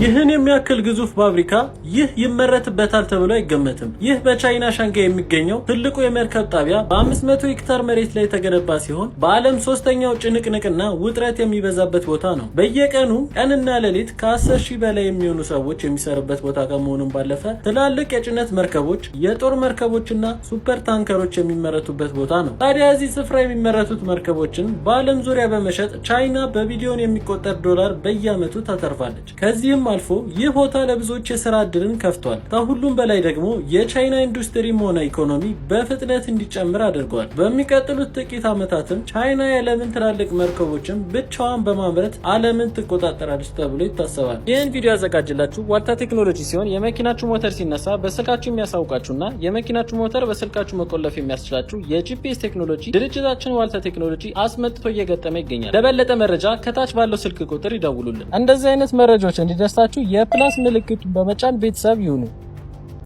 ይህን የሚያክል ግዙፍ ፋብሪካ ይህ ይመረትበታል ተብሎ አይገመትም። ይህ በቻይና ሻንጋይ የሚገኘው ትልቁ የመርከብ ጣቢያ በ500 ሄክታር መሬት ላይ የተገነባ ሲሆን በዓለም ሶስተኛው ጭንቅንቅና ውጥረት የሚበዛበት ቦታ ነው። በየቀኑ ቀንና ሌሊት ከ10 ሺህ በላይ የሚሆኑ ሰዎች የሚሰሩበት ቦታ ከመሆኑም ባለፈ ትላልቅ የጭነት መርከቦች፣ የጦር መርከቦችና ሱፐር ታንከሮች የሚመረቱበት ቦታ ነው። ታዲያ እዚህ ስፍራ የሚመረቱት መርከቦችን በዓለም ዙሪያ በመሸጥ ቻይና በቢሊዮን የሚቆጠር ዶላር በየዓመቱ ታተርፋለች። ከዚህም አልፎ ይህ ቦታ ለብዙዎች የስራ እድልን ከፍቷል። ከሁሉም በላይ ደግሞ የቻይና ኢንዱስትሪም ሆነ ኢኮኖሚ በፍጥነት እንዲጨምር አድርጓል። በሚቀጥሉት ጥቂት ዓመታትም ቻይና የዓለምን ትላልቅ መርከቦችን ብቻዋን በማምረት ዓለምን ትቆጣጠራለች ተብሎ ይታሰባል። ይህን ቪዲዮ ያዘጋጅላችሁ ዋልታ ቴክኖሎጂ ሲሆን የመኪናችሁ ሞተር ሲነሳ በስልካችሁ የሚያሳውቃችሁና የመኪናችሁ ሞተር በስልካችሁ መቆለፍ የሚያስችላችሁ የጂፒኤስ ቴክኖሎጂ ድርጅታችን ዋልታ ቴክኖሎጂ አስመጥቶ እየገጠመ ይገኛል። ለበለጠ መረጃ ከታች ባለው ስልክ ቁጥር ይደውሉልን። እንደዚህ አይነት መረጃዎች እንዲደርስ ተነስታችሁ የፕላስ ምልክቱን በመጫን ቤተሰብ ይሁኑ።